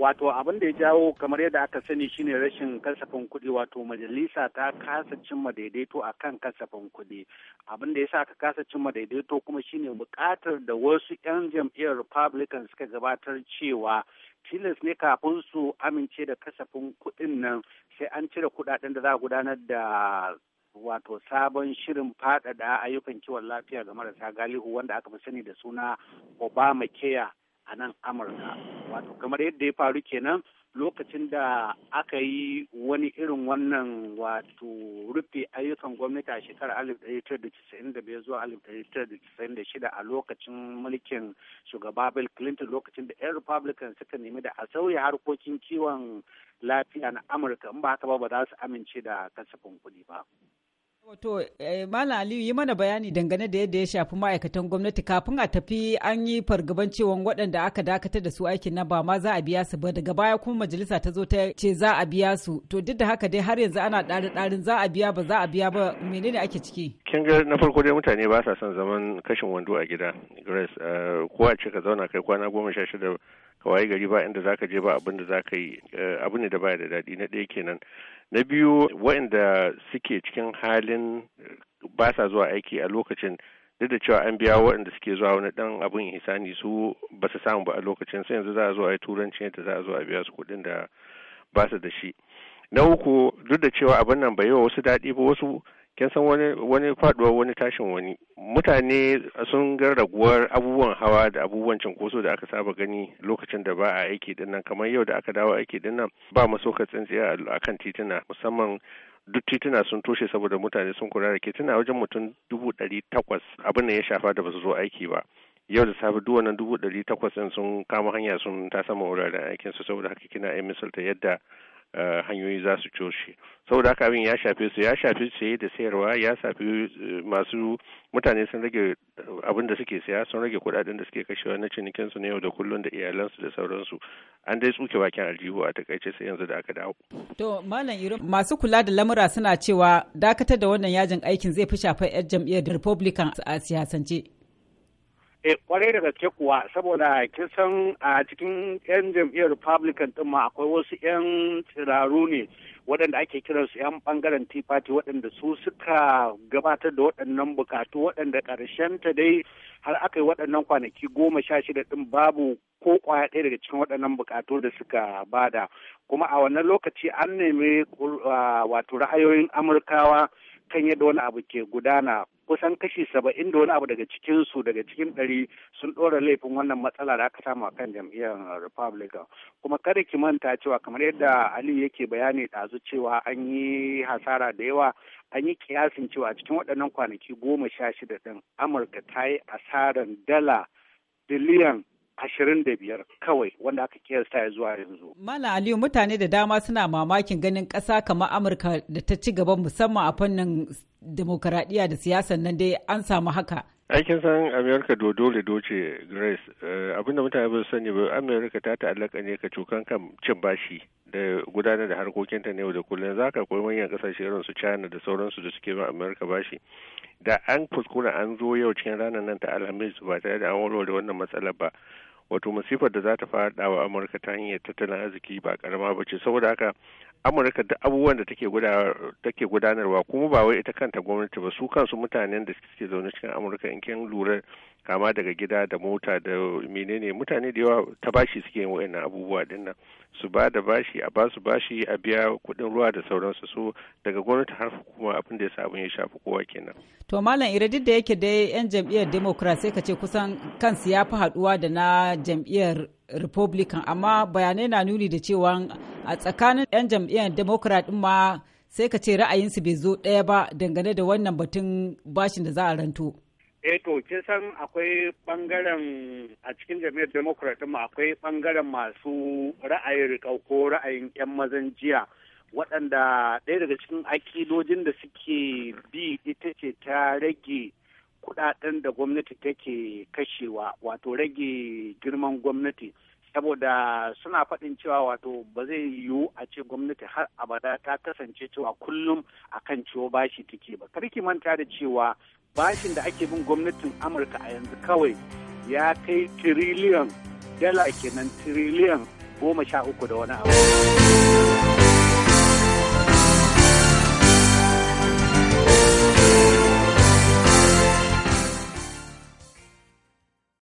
wato abin da ya jawo kamar yadda aka sani shine rashin kasafin kuɗi wato majalisa ta kasa cimma daidaito a kan kasafin kuɗi abin da ya sa aka kasa cimma daidaito kuma shine buƙatar da wasu 'yan jam'iyyar republican suka gabatar cewa tilas ne kafin su amince da kasafin kuɗin nan sai an cire kuɗaɗen da za a gudanar da wato sabon shirin faɗaɗa ayyukan kiwon lafiya ga marasa galihu wanda aka fi sani da suna obama keya a nan amurka wato kamar yadda ya faru kenan lokacin da aka yi wani irin wannan wato rufe ayyukan gwamnati a shekarar 1995 zuwa 1996 a lokacin mulkin shugaba Bill Clinton lokacin da 'yan Republican suka nemi da a sauya harkokin kiwon lafiya na Amurka in ba haka ba ba za su amince da kasafin kuɗi ba. To, eh, Malam Aliyu yi mana bayani dangane da yadda ya shafi ma'aikatan gwamnati kafin a tafi an yi fargaban cewa waɗanda aka dakatar da su aikin na ba ma za a biya su ba daga baya kuma majalisa ta zo ta ce za a biya su. To, duk da haka dai har yanzu ana ɗari ɗarin za a biya ba za a biya ba menene ake ciki? Kin ga na farko dai mutane ba sa son zaman kashin wando a gida. Grace, eh, ko a ce ka zauna kai kwana goma sha shida kawai gari ba inda zaka je ba abin zaka yi eh, abu ne da baya da daɗi na ɗaya kenan na biyu waɗanda suke cikin halin eh, ba sa zuwa aiki a lokacin duk da cewa an biya waɗanda suke zuwa wani ɗan abin hisani su ba su samu ba a lokacin sai yanzu za a zo a yi turanci yadda za a zo a biya su kuɗin da ba su da shi na uku duk da cewa abin nan bai yi wa wasu daɗi ba wasu kin san wani wani faduwa wani tashin wani mutane sun ga raguwar abubuwan hawa da abubuwan cinkoso da aka saba gani lokacin da ba a aiki dinnan kamar yau da aka dawo aiki dinnan ba ka tsintsiya a kan tituna musamman duk tituna sun toshe saboda mutane sun kula da ke tuna wajen mutum dubu ɗari takwas abin da ya shafa da ba su zo aiki ba yau da safe duk wannan dubu ɗari takwas sun kama hanya sun ta sama wuraren aikinsu saboda haka kina yi misalta yadda Eh, hanyoyi za su coshe saboda haka abin ya shafe su ya shafi saye da sayarwa ya shafi eh, masu mutane sun rage eh, abin da suke saya sun rage kudaden da suke kashewa na cinikin su na yau da kullun da iyalansu da sauransu an dai tsuke bakin aljihu a takaice sai yanzu da aka dawo to malam irin masu kula da lamura suna cewa dakatar da wannan yajin aikin zai fi shafar 'yan jam'iyyar republican a siyasance Eh, kwarai da gaske kuwa saboda kin san a cikin 'yan jam'iyyar republican din ma akwai wasu 'yan tsiraru ne waɗanda ake su 'yan bangaren tea party waɗanda su suka gabatar da waɗannan bukatu waɗanda ta dai har aka yi waɗannan kwanaki goma sha shida ɗin babu ko kwaya ɗaya daga cikin waɗannan bukatu da suka bada kuma a wannan lokaci an nemi wato ra'ayoyin amurkawa kan yadda wani abu ke gudana kusan kashi saba'in da wani abu daga cikinsu daga cikin ɗari sun ɗora laifin wannan matsala da aka samu akan jam'iyyar republican kuma kada ki manta cewa kamar yadda ali yake bayani ɗazu cewa an yi hasara da yawa an yi kiyasin cewa a cikin waɗannan kwanaki goma sha shida ɗin amurka ta yi asaran dala biliyan ashirin da biyar kawai wanda aka kiyasta ya zuwa yanzu. mala Aliyu mutane da dama suna mamakin ganin ƙasa kamar Amurka da ta ci gaba musamman a fannin demokaradiyya da siyasan nan dai an samu haka. Aikin san Amerika dodo da doce Grace eh, abinda mutane ba su sani ba Amerika ta ta'allaka ne ka cokan kan cin bashi da gudanar da harkokinta na yau da kullum za ka koyi manyan kasashe irin su China da sauransu da suke ma Amerika bashi. Da an kuskura an zo yau cikin ranar nan ta Alhamis ba tare da an warware wannan matsalar ba wato masifar da za ta faɗa wa amurka ta hanyar tattalin arziki ba karama ba ce saboda haka amurka duk abubuwan da take gudanarwa kuma ba wai ita kanta gwamnati ba su kansu mutanen da suke zaune cikin amurka in kin lura kama daga gida da mota da menene mutane da yawa ta bashi suke yin wa'annan abubuwa din nan su ba da bashi a ba su bashi a biya kuɗin ruwa da sauransu so daga gwamnati har hukuma abin da ya sa abin ya shafi kowa kenan to malam ira duk da yake dai yan jam'iyyar democrat sai ka ce kusan kansu ya fi haduwa da na jam'iyyar republican amma bayanai na nuni da cewa a tsakanin 'yan jam'iyyar democrat ma sai ka ce ra'ayinsu bai zo ɗaya ba dangane da wannan batun bashin da za a ranto. eh to kin san akwai bangaren a cikin jam'iyyar democrat ma akwai bangaren masu ra'ayin riƙau ko ra'ayin 'yan mazan jiya waɗanda ɗaya daga cikin akidojin da suke bi ita ce ta rage kuɗaɗen da gwamnati take kashewa wato rage girman gwamnati saboda suna faɗin cewa wato ba zai yiwu a ce gwamnati har abada ta kasance cewa kullum a kan ciwo bashi take ba karki manta da cewa bashin da ake bin gwamnatin amurka a yanzu kawai ya kai tiriliyan dala kenan tiriliyan goma sha uku da wani abu